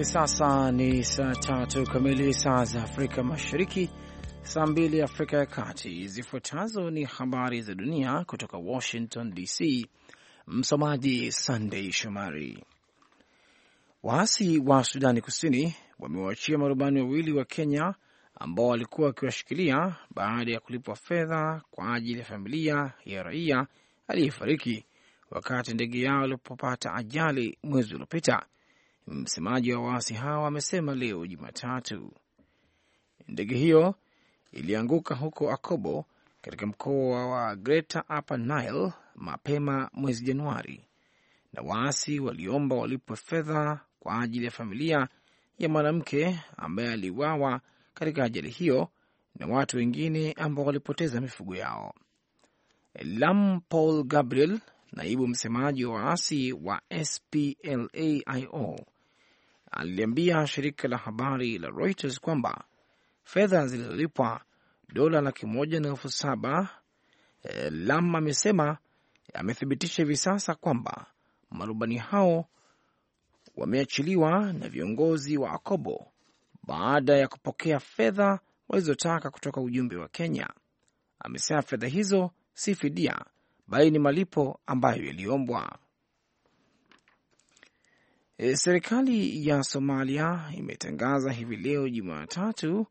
hivi sasa ni saa tatu kamili saa za Afrika Mashariki, saa mbili Afrika ya Kati. Zifuatazo ni habari za dunia kutoka Washington DC. Msomaji Sandei Shomari. Waasi wa Sudani Kusini wamewaachia marubani wawili wa Kenya ambao walikuwa wakiwashikilia baada ya kulipwa fedha kwa ajili ya familia ya raia aliyefariki wakati ndege yao ilipopata ajali mwezi uliopita msemaji wa waasi hawa amesema leo Jumatatu. Ndege hiyo ilianguka huko Akobo katika mkoa wa Greater Upper Nile mapema mwezi Januari, na waasi waliomba walipwe fedha kwa ajili ya familia ya mwanamke ambaye aliuawa katika ajali hiyo na watu wengine ambao walipoteza mifugo yao. Lam Paul Gabriel, naibu msemaji wa waasi wa SPLAIO, aliliambia shirika la habari la Reuters kwamba fedha zilizolipwa dola laki moja na elfu saba. Eh, Lam amesema amethibitisha hivi sasa kwamba marubani hao wameachiliwa na viongozi wa Akobo baada ya kupokea fedha walizotaka kutoka ujumbe wa Kenya. Amesema fedha hizo si fidia, bali ni malipo ambayo yaliombwa. E, serikali ya Somalia imetangaza hivi leo Jumatatu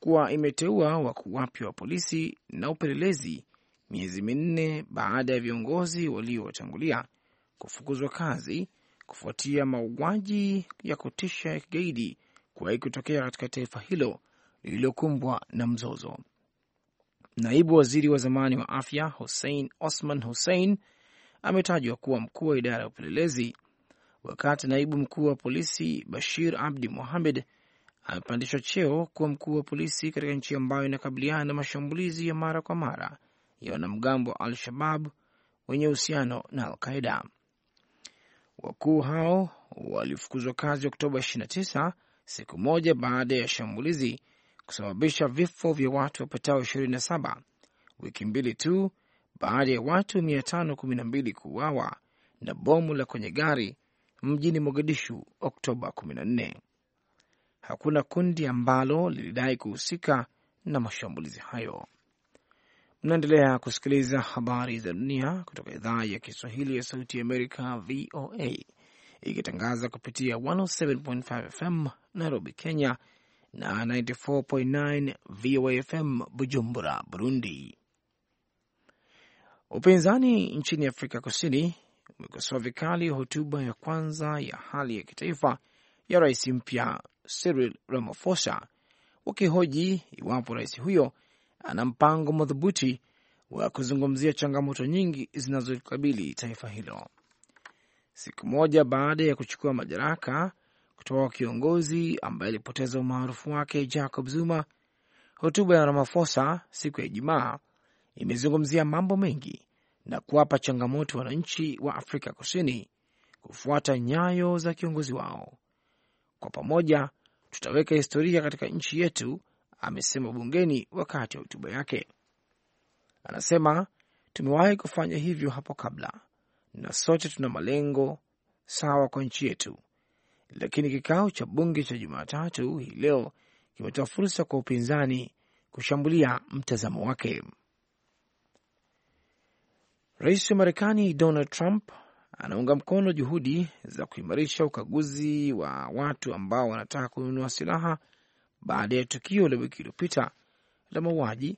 kuwa imeteua wakuu wapya wa polisi na upelelezi miezi minne baada ya viongozi waliowatangulia kufukuzwa kazi kufuatia mauaji ya kutisha ya kigaidi kuwahi kutokea katika taifa hilo lililokumbwa na mzozo. Naibu waziri wa zamani wa afya Hussein Osman Hussein ametajwa kuwa mkuu wa idara ya upelelezi wakati naibu mkuu wa polisi Bashir Abdi Mohamed amepandishwa cheo kuwa mkuu wa polisi katika nchi ambayo inakabiliana na mashambulizi ya mara kwa mara ya wanamgambo wa Al-Shabab wenye uhusiano na Al-Qaida. Wakuu hao walifukuzwa kazi Oktoba 29 siku moja baada ya shambulizi kusababisha vifo vya watu wapatao 27 wiki mbili tu baada ya watu 512 kuuawa na bomu la kwenye gari mjini Mogadishu Oktoba 14. Hakuna kundi ambalo lilidai kuhusika na mashambulizi hayo. Mnaendelea kusikiliza habari za dunia kutoka idhaa ya Kiswahili ya Sauti ya Amerika, VOA, ikitangaza kupitia 107.5 FM Nairobi, Kenya na 94.9 VOA FM Bujumbura, Burundi. Upinzani nchini Afrika Kusini umekosoa vikali hotuba ya kwanza ya hali ya kitaifa ya rais mpya Cyril Ramaphosa, wakihoji iwapo rais huyo ana mpango madhubuti wa kuzungumzia changamoto nyingi zinazokabili taifa hilo. Siku moja baada ya kuchukua madaraka kutoka kwa kiongozi ambaye alipoteza umaarufu wake Jacob Zuma, hotuba ya Ramaphosa siku ya Ijumaa imezungumzia mambo mengi na kuwapa changamoto wananchi wa Afrika Kusini kufuata nyayo za kiongozi wao. Kwa pamoja tutaweka historia katika nchi yetu, amesema bungeni wakati wa hotuba yake. Anasema tumewahi kufanya hivyo hapo kabla, na sote tuna malengo sawa kwa nchi yetu, lakini kikao cha bunge cha Jumatatu hii leo kimetoa fursa kwa upinzani kushambulia mtazamo wake. Rais wa Marekani Donald Trump anaunga mkono juhudi za kuimarisha ukaguzi wa watu ambao wanataka kununua silaha baada ya tukio la wiki iliyopita la mauaji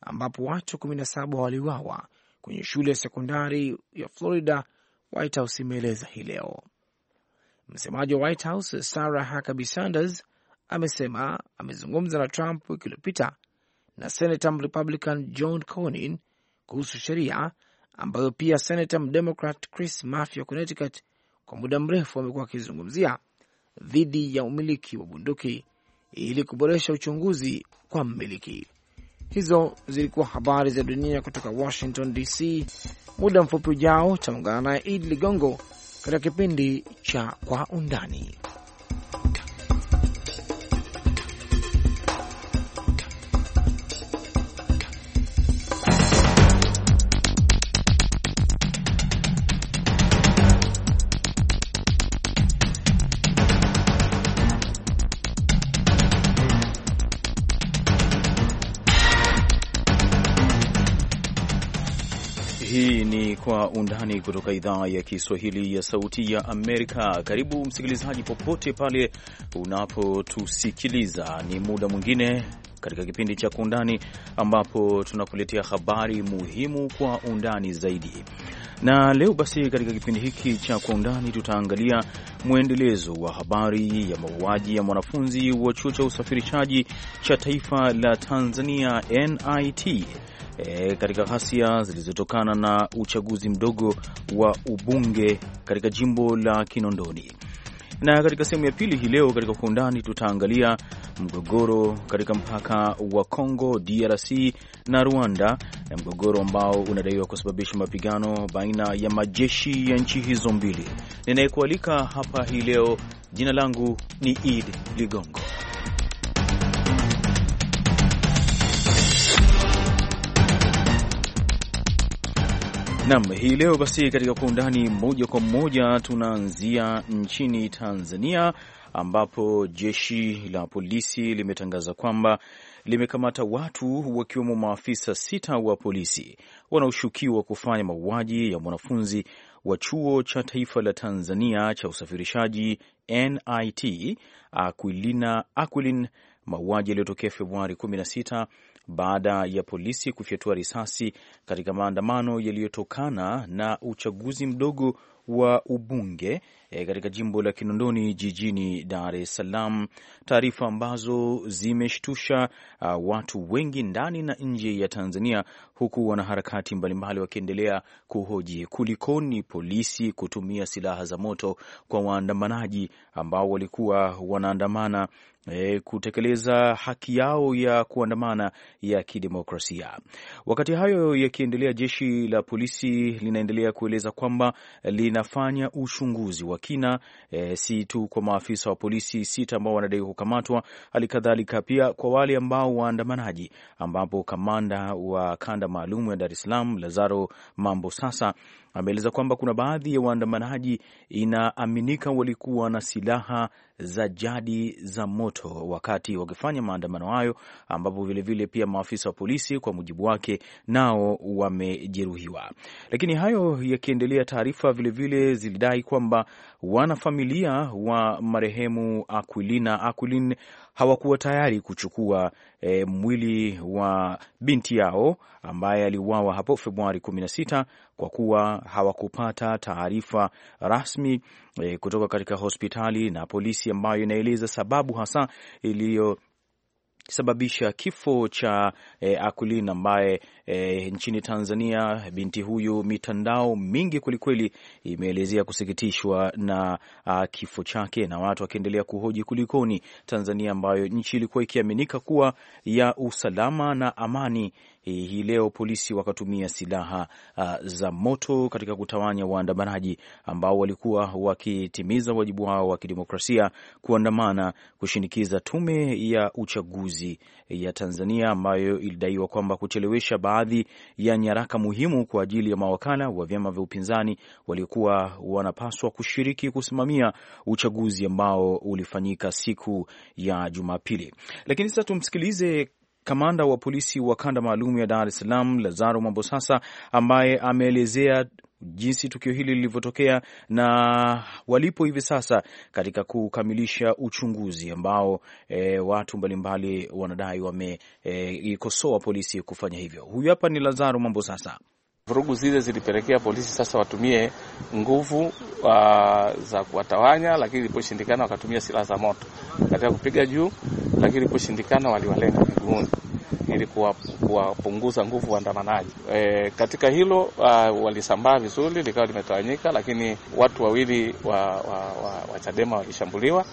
ambapo watu 17 waliuawa kwenye shule ya sekondari ya Florida. White House imeeleza hii leo. Msemaji wa White House Sarah Huckabee Sanders amesema amezungumza na Trump wiki iliyopita na senata Republican John Cornyn kuhusu sheria ambayo pia senata mdemokrat Chris Murphy wa Connecticut kwa muda mrefu amekuwa akizungumzia dhidi ya umiliki wa bunduki ili kuboresha uchunguzi kwa mmiliki. Hizo zilikuwa habari za dunia kutoka Washington DC. Muda mfupi ujao taungana naye Idi Ligongo katika kipindi cha Kwa Undani. Undani kutoka idhaa ya Kiswahili ya Sauti ya Amerika. Karibu msikilizaji, popote pale unapotusikiliza, ni muda mwingine katika kipindi cha Kwa Undani ambapo tunakuletea habari muhimu kwa undani zaidi. Na leo basi, katika kipindi hiki cha Kwa Undani tutaangalia mwendelezo wa habari ya mauaji ya mwanafunzi wa chuo cha usafirishaji cha taifa la Tanzania NIT e, katika ghasia zilizotokana na uchaguzi mdogo wa ubunge katika jimbo la Kinondoni. Na katika sehemu ya pili hii leo katika kwa undani tutaangalia mgogoro katika mpaka wa Congo DRC na Rwanda, na mgogoro ambao unadaiwa kusababisha mapigano baina ya majeshi ya nchi hizo mbili. Ninayekualika hapa hii leo, jina langu ni Id Ligongo. nam hii leo basi katika kwa undani moja kwa moja tunaanzia nchini Tanzania ambapo jeshi la polisi limetangaza kwamba limekamata watu wakiwemo maafisa sita wa polisi wanaoshukiwa kufanya mauaji ya mwanafunzi wa chuo cha taifa la Tanzania cha usafirishaji NIT Aquilina Aquilin, mauaji yaliyotokea Februari 16 baada ya polisi kufyatua risasi katika maandamano yaliyotokana na uchaguzi mdogo wa ubunge e, katika jimbo la Kinondoni jijini Dar es Salaam, taarifa ambazo zimeshtusha uh, watu wengi ndani na nje ya Tanzania, huku wanaharakati mbalimbali wakiendelea kuhoji kulikoni polisi kutumia silaha za moto kwa waandamanaji ambao walikuwa wanaandamana E, kutekeleza haki yao ya kuandamana ya kidemokrasia. Wakati hayo yakiendelea, jeshi la polisi linaendelea kueleza kwamba linafanya uchunguzi wa kina e, si tu kwa maafisa wa polisi sita ambao wanadaiwa kukamatwa, hali kadhalika pia kwa wale ambao waandamanaji, ambapo kamanda wa kanda maalum ya Dar es Salaam Lazaro Mambo sasa ameeleza kwamba kuna baadhi ya waandamanaji inaaminika walikuwa na silaha za jadi za moto wakati wakifanya maandamano hayo, ambapo vilevile pia maafisa wa polisi kwa mujibu wake nao wamejeruhiwa. Lakini hayo yakiendelea, taarifa vilevile zilidai kwamba wanafamilia wa marehemu Aquilina Aquilin hawakuwa tayari kuchukua e, mwili wa binti yao ambaye aliuawa hapo Februari 16 kwa kuwa hawakupata taarifa rasmi e, kutoka katika hospitali na polisi ambayo inaeleza sababu hasa iliyo kisababisha kifo cha e, eh, Akulin ambaye e, nchini Tanzania binti huyu, mitandao mingi kwelikweli imeelezea kusikitishwa na a, ah, kifo chake, na watu wakiendelea kuhoji kulikoni Tanzania ambayo nchi ilikuwa ikiaminika kuwa ya usalama na amani E, hii leo polisi wakatumia silaha uh, za moto katika kutawanya waandamanaji ambao walikuwa wakitimiza wajibu wao wa kidemokrasia kuandamana kushinikiza tume ya uchaguzi ya Tanzania ambayo ilidaiwa kwamba kuchelewesha baadhi ya nyaraka muhimu kwa ajili ya mawakala wa vyama vya upinzani waliokuwa wanapaswa kushiriki kusimamia uchaguzi ambao ulifanyika siku ya Jumapili. Lakini sasa tumsikilize kamanda wa polisi wa kanda maalum ya Dar es Salaam Lazaro Mambosasa, ambaye ameelezea jinsi tukio hili lilivyotokea na walipo hivi sasa katika kukamilisha uchunguzi ambao e, watu mbalimbali wanadai wameikosoa eh, e, polisi kufanya hivyo. Huyu hapa ni Lazaro Mambosasa. Vurugu zile zilipelekea polisi sasa watumie nguvu uh, za kuwatawanya, lakini iliposhindikana wakatumia silaha za moto katika kupiga juu, lakini iliposhindikana waliwalenga miguuni ili kuwapunguza nguvu waandamanaji. E, katika hilo walisambaa vizuri, likawa limetawanyika, lakini watu wawili wa, wa, wa, wa Chadema walishambuliwa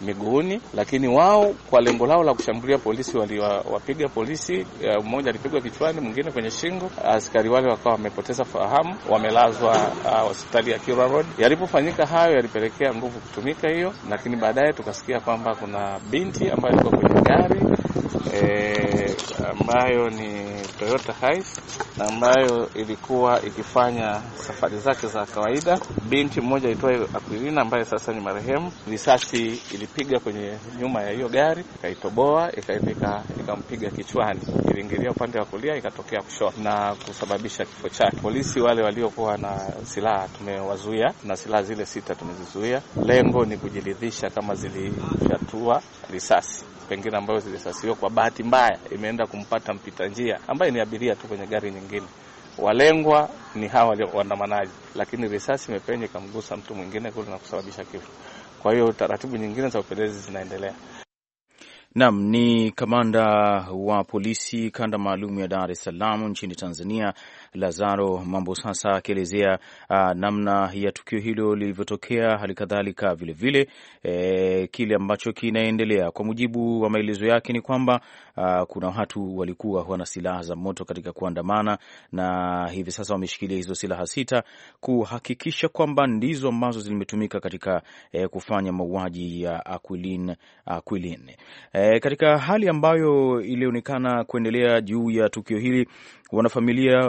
miguuni, lakini wao kwa lengo lao la kushambulia polisi waliwapiga polisi. E, mmoja alipigwa kichwani, mwingine kwenye shingo. Askari wale wakawa wamepoteza fahamu, wamelazwa hospitali uh, ya Kilwa Road. Yalipofanyika hayo, yalipelekea nguvu kutumika hiyo, lakini baadaye tukasikia kwamba kuna binti ambayo alikuwa kwenye gari e, ambayo ni Toyota Hiace ambayo ilikuwa ikifanya safari zake za kawaida. Binti mmoja aitwaye Aquilina ambaye sasa ni marehemu, risasi ilipiga kwenye nyuma ya hiyo gari ikaitoboa, ikampiga kichwani, iliingilia upande wa kulia ikatokea kushoto na kusababisha kifo chake. Polisi wale waliokuwa na silaha tumewazuia, na silaha zile sita tumezizuia. Lengo ni kujiridhisha kama zilifyatua risasi pengine ambayo zilisasiwa kwa bahati mbaya imeenda kumpata mpita njia ambaye ni abiria tu kwenye gari nyingine. Walengwa ni hawa waandamanaji, lakini risasi imepenya ikamgusa mtu mwingine kule na kusababisha kifo. Kwa hiyo taratibu nyingine za upelelezi zinaendelea. Nam ni kamanda wa polisi kanda maalum ya Dar es Salaam nchini Tanzania, Lazaro mambo sasa akielezea uh, namna ya tukio hilo lilivyotokea, hali kadhalika vilevile e, eh, kile ambacho kinaendelea. Kwa mujibu wa maelezo yake ni kwamba uh, kuna watu walikuwa wana silaha za moto katika kuandamana, na hivi sasa wameshikilia hizo silaha sita kuhakikisha kwamba ndizo ambazo zimetumika katika e, kufanya mauaji ya Aquilin Aquilin. E, katika hali ambayo ilionekana kuendelea juu ya tukio hili Wanafamilia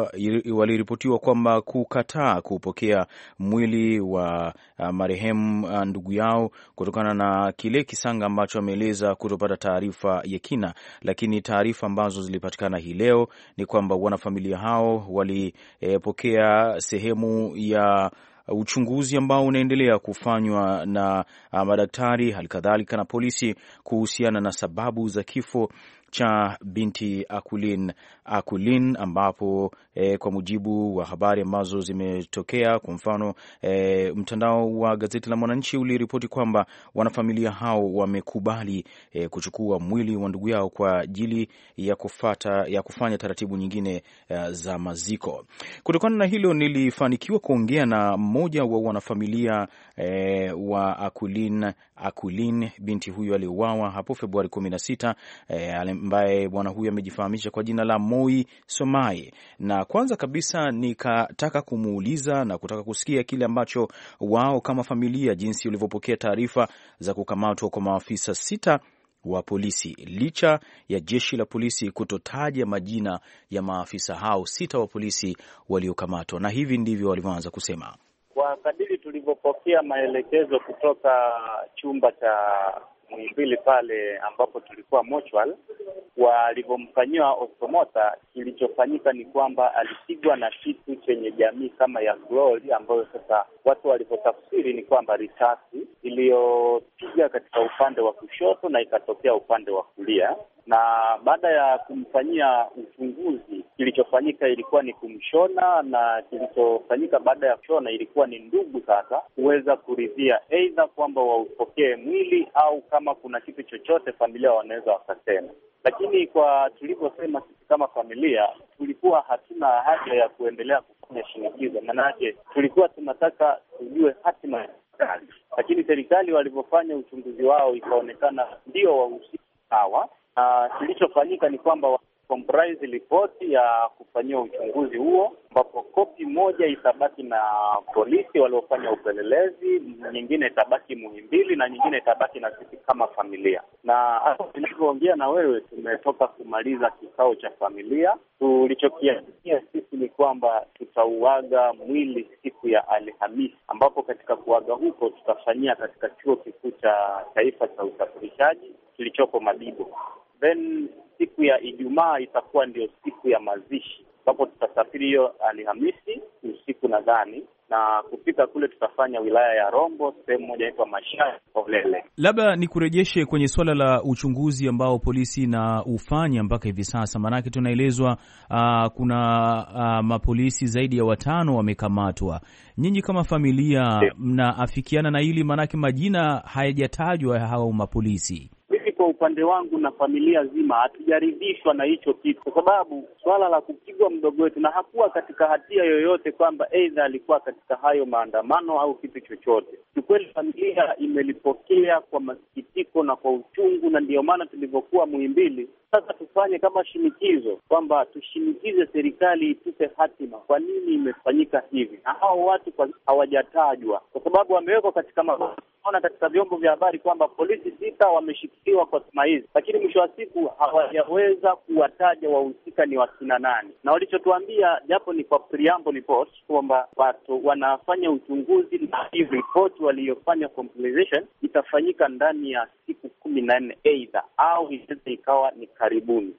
waliripotiwa kwamba kukataa kupokea mwili wa ah, marehemu ah, ndugu yao kutokana na kile kisanga ambacho ameeleza kutopata taarifa ya kina, lakini taarifa ambazo zilipatikana hii leo ni kwamba wanafamilia hao walipokea eh, sehemu ya uchunguzi ambao unaendelea kufanywa na ah, madaktari halikadhalika na polisi kuhusiana na sababu za kifo cha binti Akulin Akulin, ambapo e, kwa mujibu wa habari ambazo zimetokea, kwa mfano e, mtandao wa gazeti la Mwananchi uliripoti kwamba wanafamilia hao wamekubali e, kuchukua mwili wa ndugu yao kwa ajili ya kufata, ya kufanya taratibu nyingine e, za maziko. Kutokana na hilo, nilifanikiwa kuongea na mmoja wa wanafamilia e, wa Akulin Akulin, binti huyo aliuawa hapo Februari 16 e, ambaye bwana huyu amejifahamisha kwa jina la Moi Somai, na kwanza kabisa nikataka kumuuliza na kutaka kusikia kile ambacho wao kama familia, jinsi ulivyopokea taarifa za kukamatwa kwa maafisa sita wa polisi licha ya jeshi la polisi kutotaja majina ya maafisa hao sita wa polisi waliokamatwa, na hivi ndivyo walivyoanza kusema. Kwa kadiri tulivyopokea maelekezo kutoka chumba cha Muhimbili pale ambapo tulikuwa mutual, walivyomfanyiwa ostomota, kilichofanyika ni kwamba alipigwa na kitu chenye jamii kama ya glori, ambayo sasa watu walivyotafsiri ni kwamba risasi iliyopiga katika upande wa kushoto na ikatokea upande wa kulia na baada ya kumfanyia uchunguzi, kilichofanyika ilikuwa ni kumshona, na kilichofanyika baada ya kushona ilikuwa ni ndugu sasa kuweza kuridhia aidha kwamba waupokee mwili au kama kuna kitu chochote familia wanaweza wakasema. Lakini kwa tulivyosema sisi kama familia, tulikuwa hatuna haja ya kuendelea kufanya shinikizo, maanake tulikuwa tunataka tujue hatima ya serikali. Lakini serikali walivyofanya uchunguzi wao, ikaonekana ndio wahusika hawa Ah, kilichofanyika ni kwamba comprise ripoti ya kufanyia uchunguzi huo, ambapo kopi moja itabaki na polisi waliofanya upelelezi, nyingine itabaki Muhimbili na nyingine itabaki na sisi kama familia. Na hata tulivyoongea na wewe, tumetoka kumaliza kikao cha familia. Tulichokiazimia sisi ni kwamba tutauaga mwili siku ya Alhamisi, ambapo katika kuaga huko tutafanyia katika chuo kikuu cha taifa cha usafirishaji kilichopo Madibo then siku ya Ijumaa itakuwa ndio siku ya mazishi, ambapo tutasafiri hiyo Alhamisi usiku nadhani na kufika kule tutafanya wilaya ya Rombo, sehemu moja inaitwa Mashari Olele. Labda nikurejeshe kwenye suala la uchunguzi ambao polisi na ufanya mpaka hivi sasa, maanake tunaelezwa uh, kuna uh, mapolisi zaidi ya watano wamekamatwa. Nyinyi kama familia mnaafikiana na hili? Maanake majina hayajatajwa hao mapolisi upande wangu na familia zima hatujaridhishwa na hicho kitu, kwa sababu suala la kupigwa mdogo wetu, na hakuwa katika hatia yoyote kwamba aidha alikuwa katika hayo maandamano au kitu chochote. kiukweli familia imelipokea kwa masikitiko na kwa uchungu, na ndiyo maana tulivyokuwa Muhimbili sasa tufanye kama shinikizo kwamba tushinikize serikali itupe hatima, kwa nini imefanyika hivi, na hao watu hawajatajwa, kwa sababu wamewekwa katika maona katika vyombo vya habari kwamba polisi sita wameshikiliwa kwa kwa tuhuma hizi, lakini mwisho wa siku hawajaweza kuwataja wahusika ni wakina nani, na walichotuambia japo ni kwa preamble report kwamba watu wanafanya uchunguzi na hii report waliyofanya itafanyika ndani ya siku kumi na nne aidha au inaweza ikawa ni karibuni.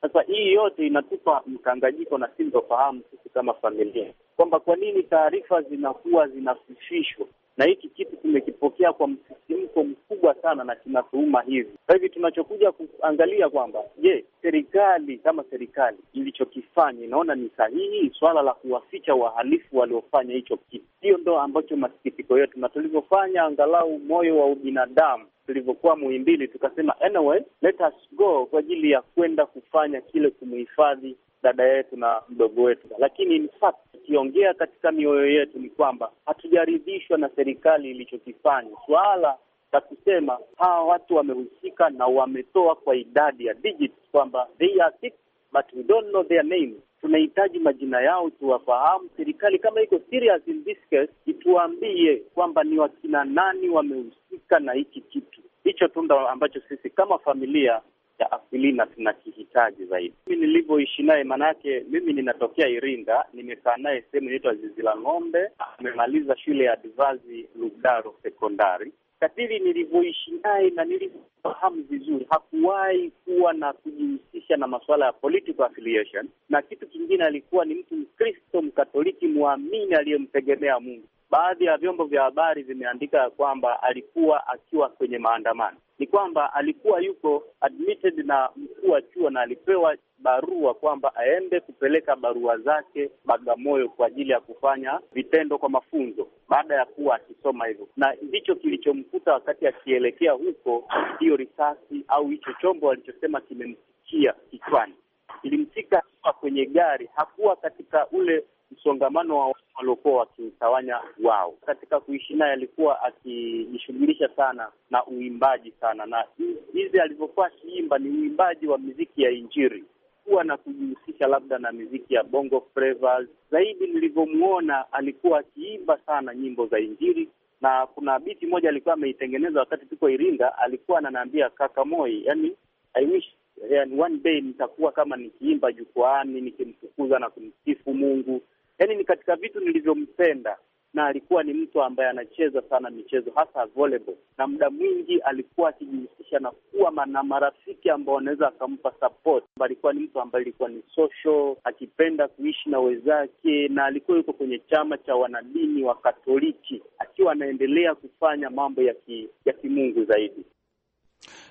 Sasa hii yote inatupa mkanganyiko na sintofahamu sisi kama familia, kwamba kwa nini taarifa zinakuwa zinafifishwa na hiki kitu kimekipokea kwa msisimko mkubwa sana na kinatuuma hivi. Kwa hivi tunachokuja kuangalia kwamba je, serikali kama serikali ilichokifanya inaona ni sahihi, swala la kuwaficha wahalifu waliofanya hicho kitu. Hiyo ndo ambacho masikitiko yetu, na tulivyofanya angalau moyo wa ubinadamu tulivyokuwa Muhimbili tukasema anyway, let us go kwa ajili ya kwenda kufanya kile, kumhifadhi dada yetu na mdogo wetu, lakini in fact tukiongea katika mioyo yetu ni kwamba hatujaridhishwa na serikali ilichokifanya suala la kusema hawa watu wamehusika na wametoa kwa idadi ya digits kwamba they are but we don't know their Tunahitaji majina yao tuwafahamu. Serikali kama iko serious in this case, ituambie kwamba ni wakina nani wamehusika na hiki kitu hicho, tunda ambacho sisi kama familia cha asili na tunakihitaji zaidi. Mimi nilivyoishi naye, maanake mimi ninatokea Iringa, nimekaa naye sehemu inaitwa Zizi la Ng'ombe. Amemaliza shule ya Divazi Lugaro Sekondari. Kadiri nilivyoishi naye na nilivyofahamu vizuri, hakuwahi kuwa na kujihusisha na masuala ya political affiliation, na kitu kingine, alikuwa ni mtu Mkristo Mkatoliki mwamini aliyemtegemea Mungu. Baadhi ya vyombo vya habari vimeandika ya kwamba alikuwa akiwa kwenye maandamano ni kwamba alikuwa yuko admitted na mkuu wa chuo na alipewa barua kwamba aende kupeleka barua zake Bagamoyo kwa ajili ya kufanya vitendo kwa mafunzo, baada ya kuwa akisoma hivyo. Na ndicho kilichomkuta wakati akielekea huko, hiyo risasi au hicho chombo alichosema kimemsikia kichwani, ilimsika kwenye gari. Hakuwa katika ule msongamano wa waliokuwa wakimtawanya wao. Katika kuishi naye alikuwa akijishughulisha sana na uimbaji sana, na hizi alivyokuwa akiimba ni uimbaji wa miziki ya Injili kuwa na kujihusisha labda na miziki ya bongo flava zaidi. nilivyomwona alikuwa akiimba sana nyimbo za Injili, na kuna biti moja alikuwa ameitengeneza wakati tuko Iringa, alikuwa ananiambia kaka Moi, yani I wish yani one day nitakuwa kama nikiimba jukwaani nikimtukuza na kumsifu Mungu yani ni katika vitu nilivyompenda, na alikuwa ni mtu ambaye anacheza sana michezo hasa volleyball, na muda mwingi alikuwa akijihusisha na kuwa na marafiki ambao wanaweza akampa support. Alikuwa ni mtu ambaye alikuwa ni social, akipenda kuishi na wenzake, na alikuwa yuko kwenye chama cha wanadini wa Katoliki, akiwa anaendelea kufanya mambo ya ki, ya kimungu zaidi.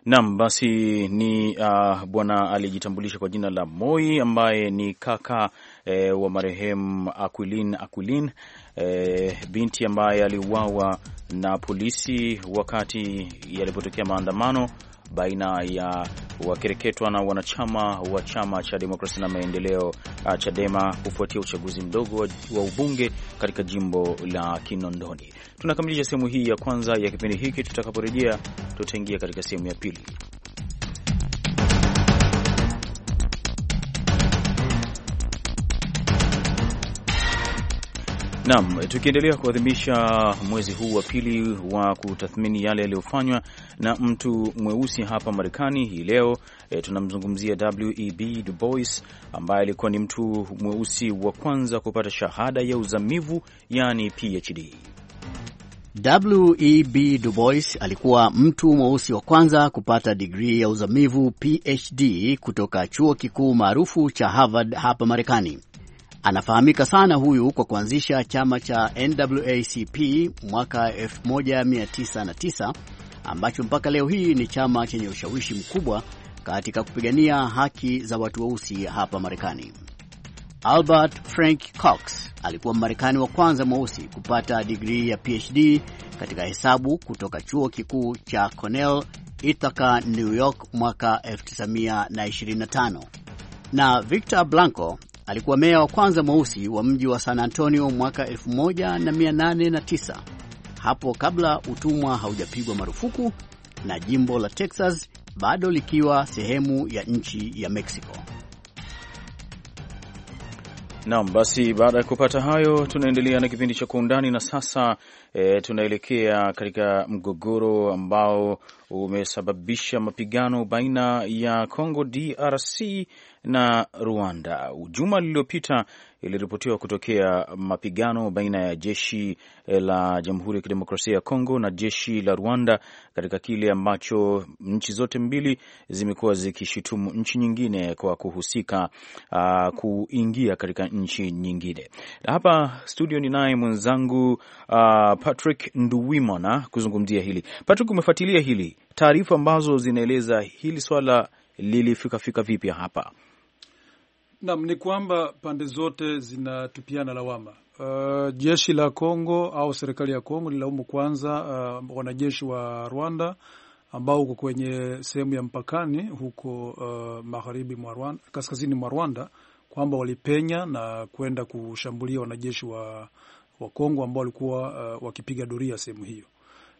Naam, basi ni uh, bwana alijitambulisha kwa jina la Moi ambaye ni kaka eh, wa marehemu Aquilin Aquilin eh, binti ambaye aliuawa na polisi wakati yalipotokea maandamano baina ya wakereketwa na wanachama wa chama cha demokrasia na maendeleo uh, Chadema kufuatia uchaguzi mdogo wa ubunge katika jimbo la Kinondoni. Tunakamilisha sehemu hii ya kwanza ya kipindi hiki. Tutakaporejea tutaingia katika sehemu ya pili. Naam, tukiendelea kuadhimisha mwezi huu wa pili wa kutathmini yale yaliyofanywa na mtu mweusi hapa Marekani hii leo e, tunamzungumzia Web Du Bois ambaye alikuwa ni mtu mweusi wa kwanza kupata shahada ya uzamivu yani PhD. Web Du Bois alikuwa mtu mweusi wa kwanza kupata digrii ya uzamivu PhD kutoka chuo kikuu maarufu cha Harvard hapa Marekani. Anafahamika sana huyu kwa kuanzisha chama cha NAACP mwaka 1909 ambacho mpaka leo hii ni chama chenye ushawishi mkubwa katika kupigania haki za watu weusi hapa Marekani. Albert Frank Cox alikuwa Mmarekani wa kwanza mweusi kupata digrii ya PhD katika hesabu kutoka chuo kikuu cha Cornell Ithaca, New York mwaka 1925 na Victor Blanco Alikuwa meya wa kwanza mweusi wa mji wa San Antonio mwaka 1809 hapo kabla utumwa haujapigwa marufuku na jimbo la Texas bado likiwa sehemu ya nchi ya Mexico. Naam, basi baada ya kupata hayo, tunaendelea na kipindi cha Kwa Undani na sasa e, tunaelekea katika mgogoro ambao umesababisha mapigano baina ya Congo DRC na Rwanda. Juma lililopita iliripotiwa kutokea mapigano baina ya jeshi eh, la Jamhuri ya Kidemokrasia ya Kongo na jeshi la Rwanda katika kile ambacho nchi zote mbili zimekuwa zikishutumu nchi nyingine kwa kuhusika uh, kuingia katika nchi nyingine. Hapa studio ni naye mwenzangu uh, Patrick Nduwimana kuzungumzia hili. Patrick, umefuatilia hili taarifa ambazo zinaeleza hili swala lilifikafika vipi hapa? Naam, ni kwamba pande zote zinatupiana lawama. Uh, jeshi la Kongo au serikali ya Kongo lilaumu kwanza uh, wanajeshi wa Rwanda ambao uko kwenye sehemu ya mpakani huko uh, magharibi mwa Rwanda, kaskazini mwa Rwanda kwamba walipenya na kwenda kushambulia wanajeshi wa, wa Kongo ambao walikuwa uh, wakipiga doria sehemu hiyo.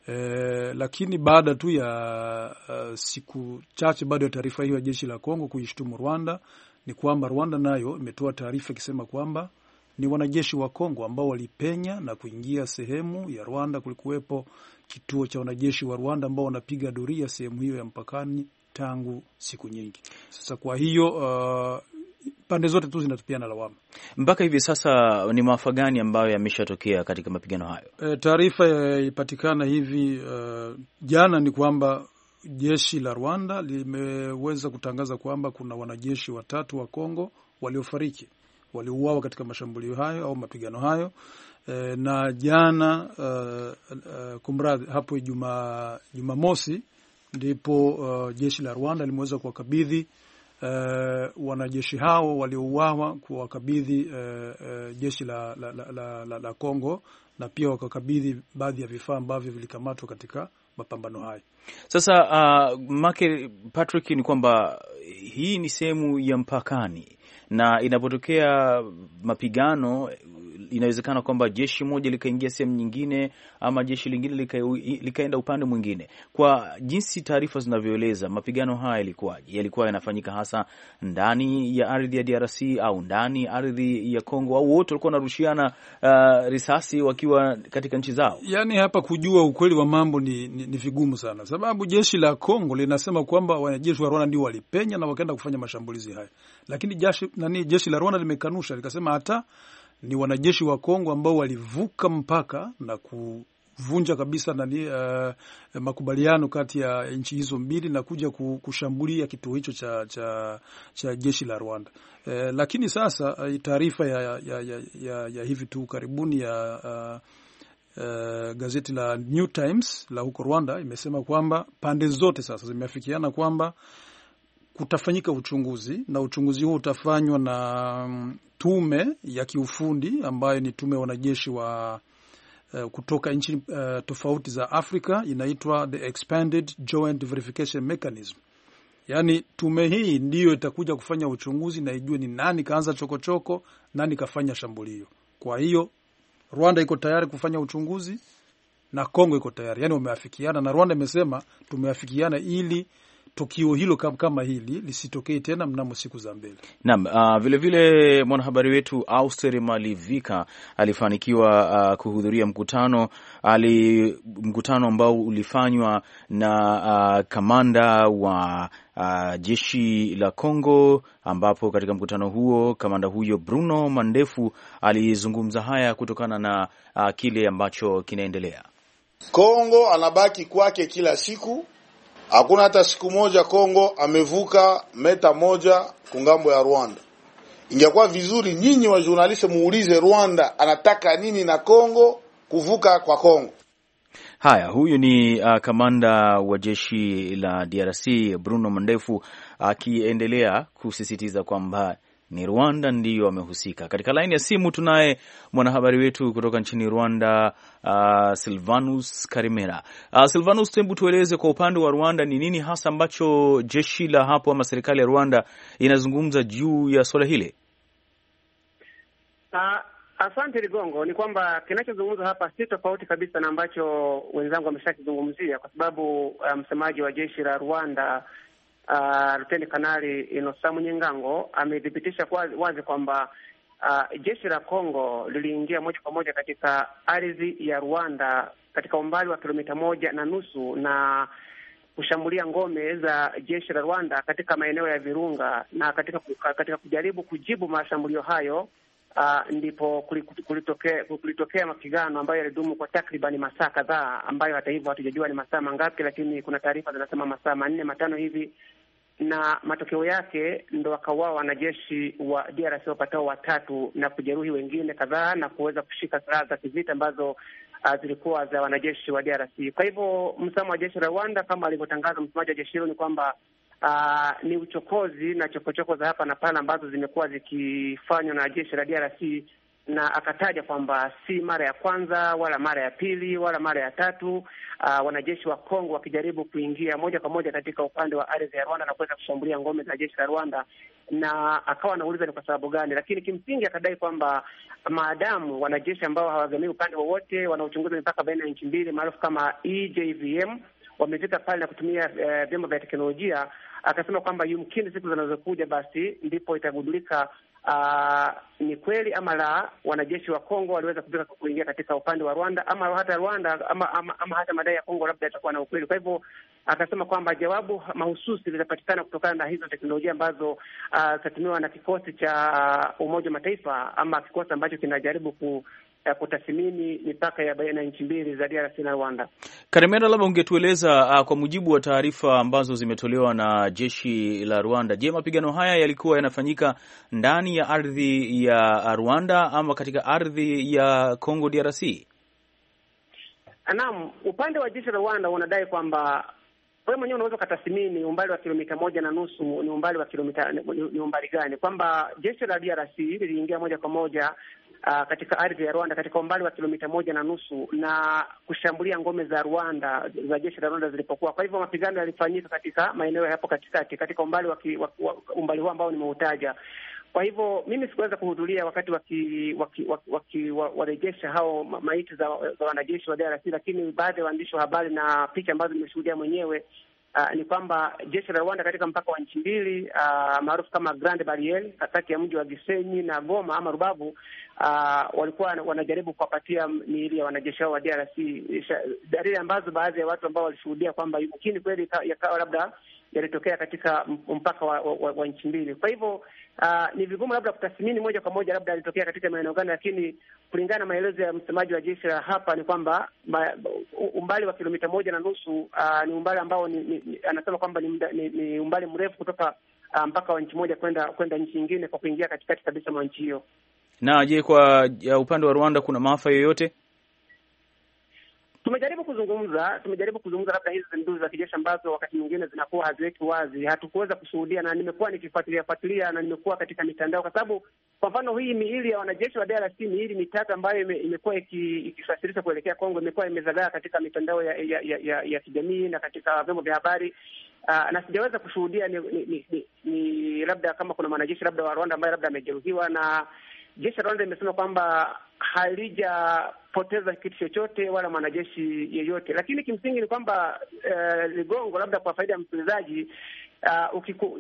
E, lakini baada tu ya uh, siku chache baada ya taarifa hiyo ya jeshi la Kongo kuishtumu Rwanda ni kwamba Rwanda nayo imetoa taarifa ikisema kwamba ni wanajeshi wa Kongo ambao walipenya na kuingia sehemu ya Rwanda. Kulikuwepo kituo cha wanajeshi wa Rwanda ambao wanapiga doria sehemu hiyo ya mpakani tangu siku nyingi sasa. Kwa hiyo uh, pande zote tu zinatupiana lawama. Mpaka hivi sasa ni maafa gani ambayo yameshatokea katika mapigano hayo? E, taarifa ipatikana hivi uh, jana ni kwamba jeshi la Rwanda limeweza kutangaza kwamba kuna wanajeshi watatu wa Kongo waliofariki waliouawa katika mashambulio hayo au mapigano hayo e, na jana uh, uh, kumradhi, hapo Jumamosi juma ndipo uh, jeshi la Rwanda limeweza kuwakabidhi uh, wanajeshi hao waliouawa kuwakabidhi uh, uh, jeshi la, la, la, la, la, la Kongo na pia wakakabidhi baadhi ya vifaa ambavyo vilikamatwa katika mapambano hayo. Sasa uh, make Patrick, ni kwamba hii ni sehemu ya mpakani na inapotokea mapigano inawezekana kwamba jeshi moja likaingia sehemu nyingine ama jeshi lingine lika, likaenda upande mwingine. Kwa jinsi taarifa zinavyoeleza, mapigano haya yalikuwa yalikuwa yanafanyika hasa ndani ya ardhi ya DRC au ndani ardhi ya Congo, au wote walikuwa wanarushiana uh, risasi wakiwa katika nchi zao. Yani hapa kujua ukweli wa mambo ni, ni, ni vigumu sana, sababu jeshi la congo linasema kwamba wanajeshi wa Rwanda ndio walipenya na wakaenda kufanya mashambulizi haya, lakini jeshi, nani, jeshi la Rwanda limekanusha likasema hata ni wanajeshi wa Kongo ambao walivuka mpaka na kuvunja kabisa nani, uh, makubaliano kati ya nchi hizo mbili na kuja kushambulia kituo hicho cha, cha, cha jeshi la Rwanda. Uh, lakini sasa eh, taarifa ya, ya, ya, ya, ya hivi tu karibuni ya uh, Uh, gazeti la New Times la huko Rwanda imesema kwamba pande zote sasa zimeafikiana kwamba kutafanyika uchunguzi na uchunguzi huo utafanywa na mm, tume ya kiufundi ambayo ni tume ya wanajeshi wa uh, kutoka nchi uh, tofauti za Afrika inaitwa the Expanded Joint Verification Mechanism. Yaani tume hii ndiyo itakuja kufanya uchunguzi na ijue ni nani kaanza chokochoko nani kafanya shambulio. Kwa hiyo Rwanda iko tayari kufanya uchunguzi na Kongo iko tayari, yaani wameafikiana, na Rwanda imesema tumeafikiana ili tukio hilo kama hili lisitokee tena mnamo siku za mbele. Naam, uh, ah, vilevile mwanahabari wetu Auster Malivika alifanikiwa uh, kuhudhuria mkutano ali, mkutano ambao ulifanywa na uh, kamanda wa Uh, jeshi la Kongo ambapo katika mkutano huo kamanda huyo Bruno Mandefu alizungumza haya kutokana na uh, kile ambacho kinaendelea Kongo. Anabaki kwake kila siku Hakuna hata siku moja Kongo amevuka meta moja kungambo ya Rwanda. Ingekuwa vizuri nyinyi wa journalist muulize Rwanda anataka nini na Kongo kuvuka kwa Kongo. Haya, huyu ni uh, kamanda wa jeshi la DRC Bruno Mandefu akiendelea uh, kusisitiza kwamba ni Rwanda ndiyo amehusika. Katika laini ya simu tunaye mwanahabari wetu kutoka nchini Rwanda, uh, Silvanus Karimera. Uh, Silvanus, hebu tueleze kwa upande wa Rwanda ni nini hasa ambacho jeshi la hapo ama serikali ya Rwanda inazungumza juu ya swala hili? Uh, asante Ligongo, ni kwamba kinachozungumzwa hapa si tofauti kabisa na ambacho wenzangu wameshakizungumzia, kwa sababu uh, msemaji um, wa jeshi la Rwanda uh, Luteni Kanali Inosa Munyengango amethibitisha wazi kwamba uh, jeshi la Kongo liliingia moja kwa moja katika ardhi ya Rwanda katika umbali wa kilomita moja na nusu na kushambulia ngome za jeshi la Rwanda katika maeneo ya Virunga na katika, katika kujaribu kujibu mashambulio hayo uh, ndipo kulitokea kulitokea mapigano ambayo yalidumu kwa takribani masaa kadhaa, ambayo hata hivyo hatujajua ni masaa mangapi, lakini kuna taarifa zinasema masaa manne matano hivi, na matokeo yake ndo wakauawa wanajeshi wa DRC wapatao watatu na kujeruhi wengine kadhaa na kuweza kushika silaha za kivita ambazo uh, zilikuwa za wanajeshi wa DRC. Kwa hivyo msamo wa jeshi la Rwanda kama alivyotangaza msemaji wa jeshi hilo ni kwamba uh, ni uchokozi na chokochoko za hapa na pale ambazo zimekuwa zikifanywa na jeshi la DRC, na akataja kwamba si mara ya kwanza wala mara ya pili wala mara ya tatu, uh, wanajeshi wa Kongo wakijaribu kuingia moja kwa moja katika upande wa ardhi ya Rwanda na kuweza kushambulia ngome za jeshi la Rwanda, na akawa anauliza ni kwa sababu gani, lakini kimsingi akadai kwamba maadamu wanajeshi ambao hawagamii upande wowote wanaochunguza mipaka baina ya nchi mbili maarufu kama EJVM wamefika pale na kutumia eh, vyombo uh, vya teknolojia. Akasema kwamba yumkini siku zinazokuja basi ndipo itagundulika uh, ni kweli ama la, wanajeshi wa Kongo waliweza kufika kuingia katika upande wa Rwanda ama hata Rwanda ama, ama, ama hata madai ya Kongo labda yatakuwa na ukweli. Kwa hivyo akasema kwamba jawabu mahususi litapatikana kutokana na hizo teknolojia ambazo ah, zitatumiwa uh, na kikosi cha ah, Umoja wa Mataifa ama kikosi ambacho kinajaribu ku ya kutathmini mipaka ya baina ya nchi mbili za DRC na Rwanda. Karemera, labda ungetueleza uh, kwa mujibu wa taarifa ambazo zimetolewa na jeshi la Rwanda, je, mapigano haya yalikuwa yanafanyika ndani ya ardhi ya Rwanda ama katika ardhi ya Congo DRC? Ah, naam, upande wa jeshi la Rwanda unadai kwamba wewe mwenyewe unaweza ukatathmini umbali wa kilomita moja na nusu ni umbali wa kilomita ni umbali gani, kwamba jeshi la DRC liliingia moja kwa moja uh, katika ardhi ya Rwanda katika umbali wa kilomita moja na nusu na kushambulia ngome za Rwanda za jeshi la Rwanda zilipokuwa. Kwa hivyo mapigano yalifanyika katika maeneo hapo katikati katika umbali wa, wa, wa umbali huo ambao nimeutaja. Kwa hivyo mimi sikuweza kuhudhuria wakati wakiwarejesha waki, waki, waki, wa, hao maiti za, za wanajeshi wa DRC, lakini baadhi ya waandishi wa habari na picha ambazo nimeshuhudia mwenyewe uh, ni kwamba jeshi la Rwanda katika mpaka wa nchi mbili uh, maarufu kama Grand Barrier kati ya mji wa Gisenyi na Goma ama Rubavu uh, walikuwa wanajaribu kuwapatia miili ya wanajeshi hao wa DRC, dalili ambazo baadhi ya watu ambao walishuhudia kwamba yumkini kweli yakawa labda yalitokea katika mpaka wa, wa, wa, wa nchi mbili. Kwa hivyo Uh, ni vigumu labda kutathmini moja kwa moja labda alitokea katika maeneo gani, lakini kulingana na maelezo ya msemaji wa jeshi la hapa ni kwamba ma, umbali wa kilomita moja na nusu uh, ni umbali ambao ni, ni, anasema kwamba ni, ni, ni umbali mrefu kutoka uh, mpaka wa nchi moja kwenda kwenda nchi nyingine kwa kuingia katikati kabisa mwa nchi hiyo. Na je, kwa upande wa Rwanda kuna maafa yoyote? Tumejaribu kuzungumza, tumejaribu kuzungumza labda hizi zinduzi za kijeshi ambazo wakati mwingine zinakuwa haziweki wazi, hatukuweza kushuhudia, na nimekuwa nikifuatilia fuatilia na nimekuwa katika mitandao, kwa sababu kwa mfano hii miili ya wanajeshi wa DRC, miili mitatu ambayo imekuwa ikisafirishwa kuelekea Kongo imekuwa imezagaa katika mitandao ya, ya, ya, ya, ya kijamii na katika vyombo vya habari. Uh, na sijaweza kushuhudia ni, ni, ni, ni labda kama kuna mwanajeshi labda wa Rwanda ambaye labda amejeruhiwa, na jeshi la Rwanda imesema kwamba halijapoteza kitu chochote wala mwanajeshi yeyote, lakini kimsingi ni kwamba uh, Ligongo, labda kwa faida ya msikilizaji Uh,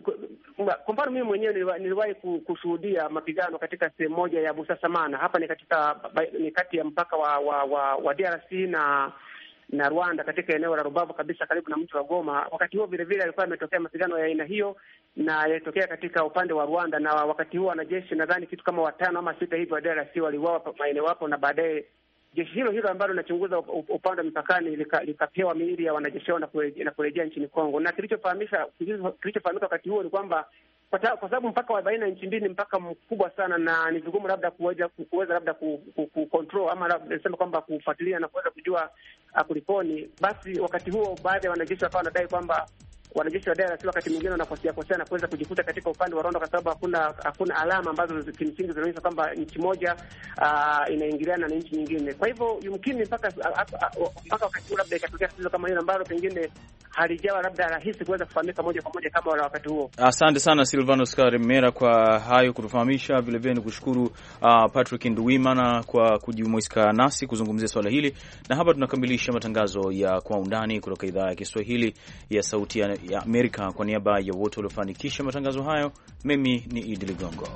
kwa mfano mimi mwenyewe niliwahi kushuhudia mapigano katika sehemu moja ya Busasamana hapa ni katika ni kati ya mpaka wa wa, wa, wa DRC na na Rwanda katika eneo la Rubavu kabisa karibu na mji wa Goma. Wakati huo vile vile alikuwa ametokea mapigano ya aina hiyo, na yalitokea katika upande wa Rwanda, na wakati huo wanajeshi nadhani kitu kama watano ama sita hivi wa DRC waliuawa maeneo hapo, na baadaye jeshi hilo hilo ambalo linachunguza upande wa mipakani likapewa miili ya wanajeshi hao na kurejea nchini Kongo. Na kilichofahamika kilichofahamika wakati huo ni kwamba kwa sababu mpaka wa baina ya nchi mbili ni mpaka mkubwa sana, na ni vigumu labda kuweza kuweza labda kucontrol ama niseme kwamba kufuatilia na kuweza kujua ah, kulikoni, basi wakati huo baadhi ya wanajeshi wakawa wanadai kwamba wanajeshi wa DRC wakati mwingine wanakosea kosea na kuweza kujikuta katika upande wa Rwanda, kwa sababu hakuna hakuna alama ambazo kimsingi zinaonyesha kwamba nchi moja uh, inaingiliana na nchi nyingine. Kwa hivyo yumkini mpaka ah, ah, oh, mpaka wakati huu labda ikatokea tatizo kama hilo ambalo pengine halijawa labda rahisi kuweza kufahamika moja kwa moja kama wala wakati huo. Asante sana Silvanus Karimera kwa hayo kutufahamisha. Vilevile ni kushukuru uh, Patrick Nduwimana kwa kujumuika nasi kuzungumzia swala hili, na hapa tunakamilisha matangazo ya Kwa Undani kutoka idhaa ya Kiswahili ya Sauti ya ya Amerika. Kwa niaba ya wote waliofanikisha matangazo hayo, mimi ni Idi Ligongo.